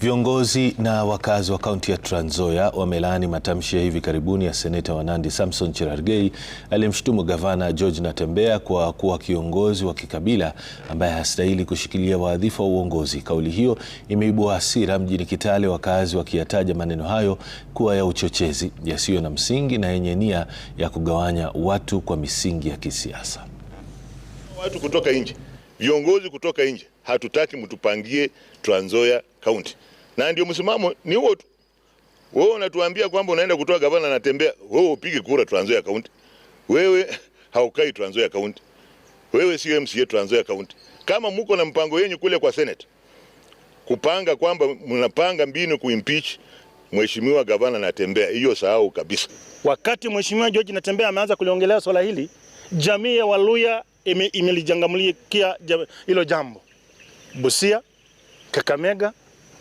Viongozi na wakazi wa kaunti ya Trans Nzoia wamelaani matamshi ya hivi karibuni ya seneta wa Nandi Samson Cherargei aliyemshutumu gavana George Natembeya kwa kuwa kiongozi wa kikabila ambaye hastahili kushikilia wadhifa wa uongozi. Kauli hiyo imeibua hasira mjini Kitale, wakazi wakiyataja maneno hayo kuwa ya uchochezi, yasiyo na msingi na yenye nia ya kugawanya watu kwa misingi ya kisiasa. Watu kutoka nje viongozi kutoka nje, hatutaki mtupangie Trans Nzoia County, na ndio msimamo ni huo tu. Wewe unatuambia kwamba unaenda kutoa gavana anatembea, wewe upige kura Trans Nzoia County. Wewe haukai Trans Nzoia County, wewe sio MCA Trans Nzoia County. Kama mko na mpango yenu kule kwa Senate kupanga kwamba mnapanga mbinu kuimpeach mheshimiwa gavana natembea hiyo sahau kabisa. Wakati mheshimiwa George natembea ameanza kuliongelea swala hili, jamii ya Waluya ime, hilo jambo Busia, Kakamega,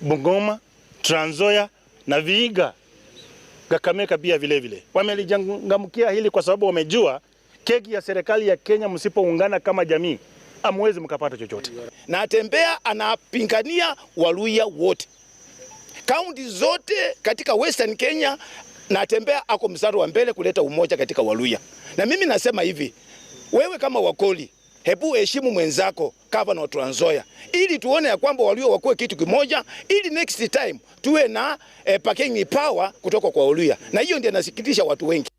Bungoma, tranzoya na viiga Kakamega pia vilevile wamelijangamkia hili kwa sababu wamejua keki ya serikali ya Kenya, msipoungana kama jamii amwezi mkapata chochote. Na atembea anapingania Waluya wote kaunti zote katika Western Kenya, na atembea ako mstari wa mbele kuleta umoja katika Waluya, na mimi nasema hivi wewe kama wakoli, hebu heshimu mwenzako Gavana wa Trans Nzoia ili tuone ya kwamba walio wakuwe kitu kimoja, ili next time tuwe na eh, bargaining power kutoka kwa Waluhya, na hiyo ndio inasikitisha watu wengi.